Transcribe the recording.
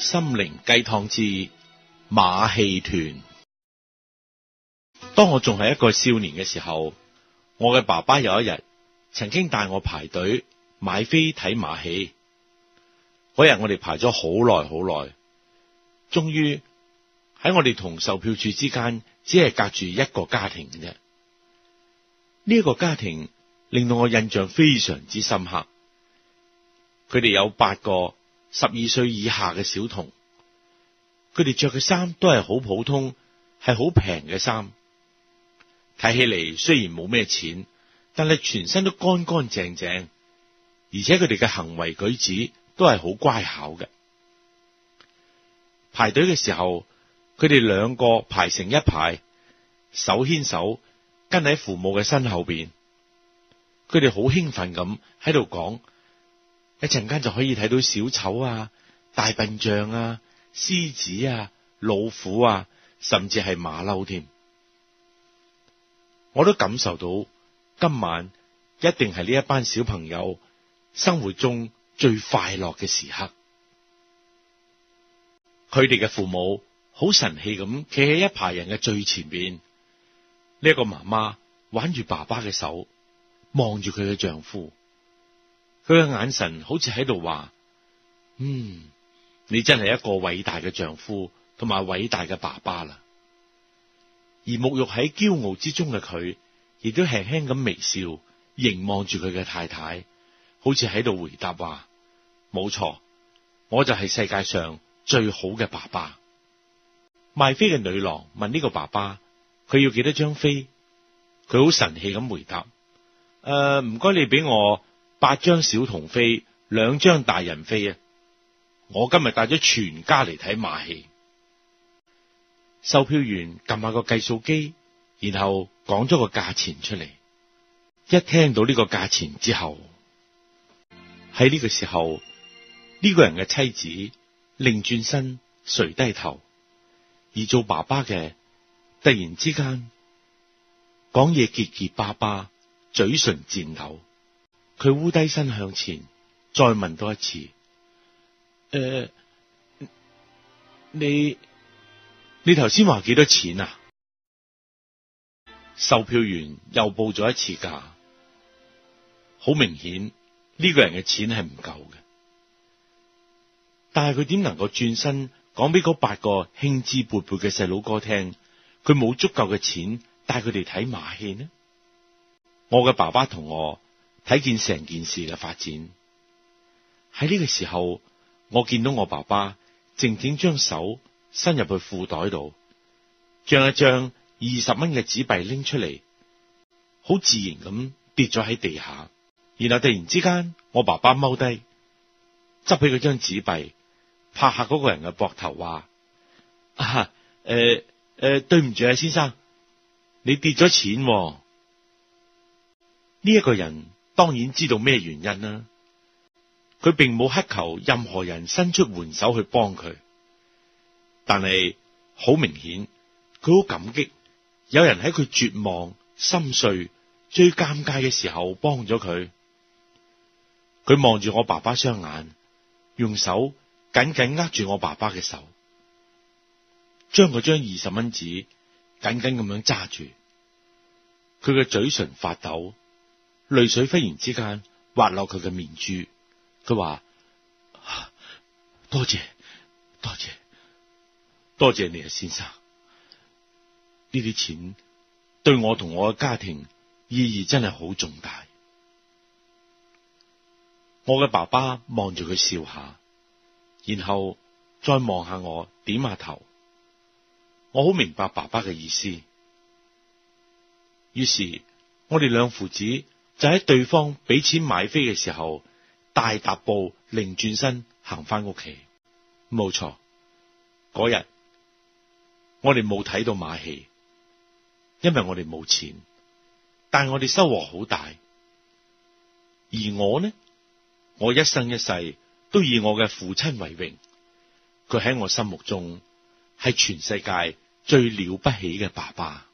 心靈雞湯之馬戲團。當我仲係一個少年嘅時候，我嘅爸爸有一日曾經帶我排隊買飛睇馬戲。嗰日我哋排咗好耐好耐，終於喺我哋同售票處之間只係隔住一個家庭嘅啫。呢一個家庭令到我印象非常之深刻。佢哋有八個。十二歲以下嘅小童，佢哋着嘅衫都係好普通，係好平嘅衫。睇起嚟雖然冇咩錢，但係全身都乾乾淨淨，而且佢哋嘅行為舉止都係好乖巧嘅。排隊嘅時候，佢哋兩個排成一排，手牽手跟喺父母嘅身後邊。佢哋好興奮咁喺度講。一陣間就可以睇到小丑啊、大笨象啊、獅子啊、老虎啊，甚至係馬騮添。我都感受到今晚一定係呢一班小朋友生活中最快樂嘅時刻。佢哋嘅父母好神氣咁企喺一排人嘅最前面。呢一個媽媽挽住爸爸嘅手，望住佢嘅丈夫。佢嘅眼神好似喺度話：，嗯，你真係一個偉大嘅丈夫，同埋偉大嘅爸爸啦。而沐浴喺驕傲之中嘅佢，亦都輕輕咁微笑，凝望住佢嘅太太，好似喺度回答話：，冇錯，我就係世界上最好嘅爸爸。賣飛嘅女郎問呢個爸爸：，佢要幾多張飛？佢好神氣咁回答：，誒、呃，唔該你俾我。八張小童飛，兩張大人飛啊！我今日帶咗全家嚟睇馬戲。售票員撳下個計數機，然後講咗個價錢出嚟。一聽到呢個價錢之後，喺呢個時候，呢個人嘅妻子擰轉身垂低頭，而做爸爸嘅突然之間講嘢結結巴巴，嘴唇顫抖。佢烏低身向前，再問多一次：誒、呃，你你頭先話幾多錢啊？售票員又報咗一次價，好明顯呢個人嘅錢係唔夠嘅。但係佢點能夠轉身講俾嗰八個興致勃勃嘅細佬哥聽，佢冇足夠嘅錢帶佢哋睇馬戲呢？我嘅爸爸同我。睇見成件事嘅發展，喺呢個時候，我見到我爸爸靜靜將手伸入去褲袋度，將一張二十蚊嘅紙幣拎出嚟，好自然咁跌咗喺地下。然後突然之間，我爸爸踎低，執起佢張紙幣，拍下嗰個人嘅膊頭話：啊，誒誒，對唔住啊，先生，你跌咗錢啊。呢一個人。當然知道咩原因啦。佢並冇乞求任何人伸出援手去幫佢，但係好明顯佢好感激有人喺佢絕望、心碎、最尷尬嘅時候幫咗佢。佢望住我爸爸雙眼，用手緊緊握住我爸爸嘅手，將佢張二十蚊紙緊緊咁樣揸住，佢嘅嘴唇發抖。淚水忽然之間滑落佢嘅面珠，佢話：啊，多謝多謝多謝你啊，先生！呢啲錢對我同我嘅家庭意義真係好重大。我嘅爸爸望住佢笑下，然後再望下我，點下頭。我好明白爸爸嘅意思，於是我哋兩父子。就喺對方俾錢買飛嘅時候，大踏步擰轉身行翻屋企。冇錯，嗰日我哋冇睇到馬戲，因為我哋冇錢，但係我哋收穫好大。而我呢，我一生一世都以我嘅父親為榮，佢喺我心目中係全世界最了不起嘅爸爸。